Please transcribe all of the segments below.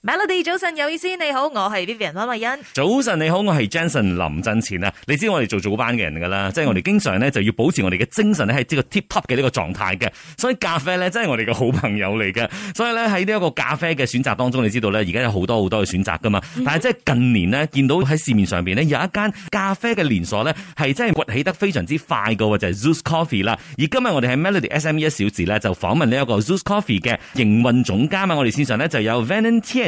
Melody 早晨有意思，你好，我係 Vivian 方慧欣。早晨你好，我係 Jenson 林振前啊！你知我哋做早班嘅人噶啦，即係、mm hmm. 我哋經常咧就要保持我哋嘅精神咧係即係 tip top 嘅呢個狀態嘅，所以咖啡咧真係我哋嘅好朋友嚟嘅。Mm hmm. 所以咧喺呢一個咖啡嘅選擇當中，你知道咧而家有好多好多嘅選擇噶嘛。Mm hmm. 但係即係近年呢，見到喺市面上邊呢有一間咖啡嘅連鎖咧係真係崛起得非常之快噶喎，就係、是、ZUS Coffee 啦。而今日我哋喺 Melody SME 一小時咧就訪問呢一個 ZUS Coffee 嘅營運總監啊！我哋線上咧就有 Vanin Tian。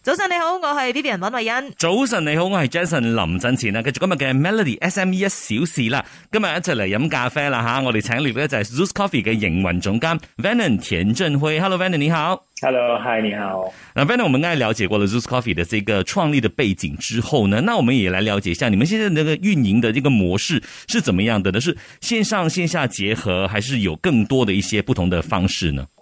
早晨你好，我是 B B 人文慧欣。早晨你好，我是 Jason 林振前啊，繼續今日嘅 Melody S M E 一小時啦。今日一齊嚟飲咖啡啦吓，我哋請嚟咧就係 ZUS Coffee 嘅營運總監 Vanne 田振輝。Hello Vanne 你好，Hello hi 你好。Hello, hi, 你好。那 Vanne，我們剛才了解過了 ZUS Coffee 的這個創立的背景之後呢，那我們也來了解一下，你們現在呢個運營的呢個模式是怎麼樣的？是線上線下結合，還是有更多的一些不同的方式呢？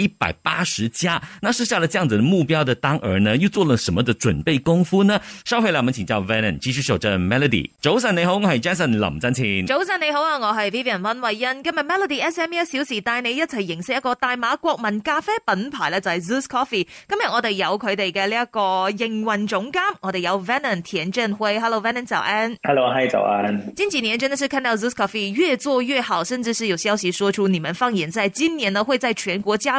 一百八十家，那設下了這樣子的目標的當兒呢，又做了什麼的準備功夫呢？稍回來，我們請教 Venon，繼續守着 Melody。早晨你好，我係 Jason 林振前。早晨你好啊，我係 Vivian 溫慧欣。今日 Melody S M E 一小時帶你一齊認識一個大馬國民咖啡品牌呢，就係、是、ZUS Coffee。今日我哋有佢哋嘅呢一個營運總監，我哋有 Venon 田振輝。Hello Venon 早安 Hello，嗨，早安。n 前幾年真的是看到 ZUS Coffee 越做越好，甚至是有消息說出你們放眼在今年呢，會在全國加，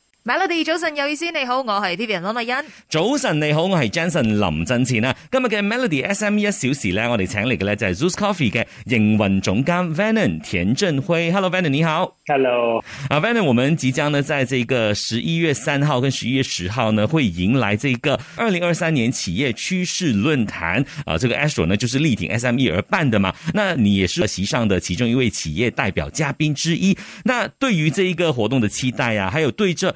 Melody 早晨，有意思，你好，我是 TVB 溫麗欣。早晨你好，我是 Jansen 林振前，呢今日嘅 Melody SME 一小時呢，我哋請嚟嘅咧就係、是、ZUS Coffee 嘅營運總監 Vannon 田振輝。Hello Vannon 你好。Hello 啊。啊 Vannon 我們即將呢，在這個十一月三號跟十一月十號呢，會迎來這個二零二三年企業趨勢論壇。啊，這個 Astro 呢，就是力挺 SME 而辦的嘛。那你也是席上的其中一位企業代表嘉賓之一。那對於這一個活動的期待啊，還有對這。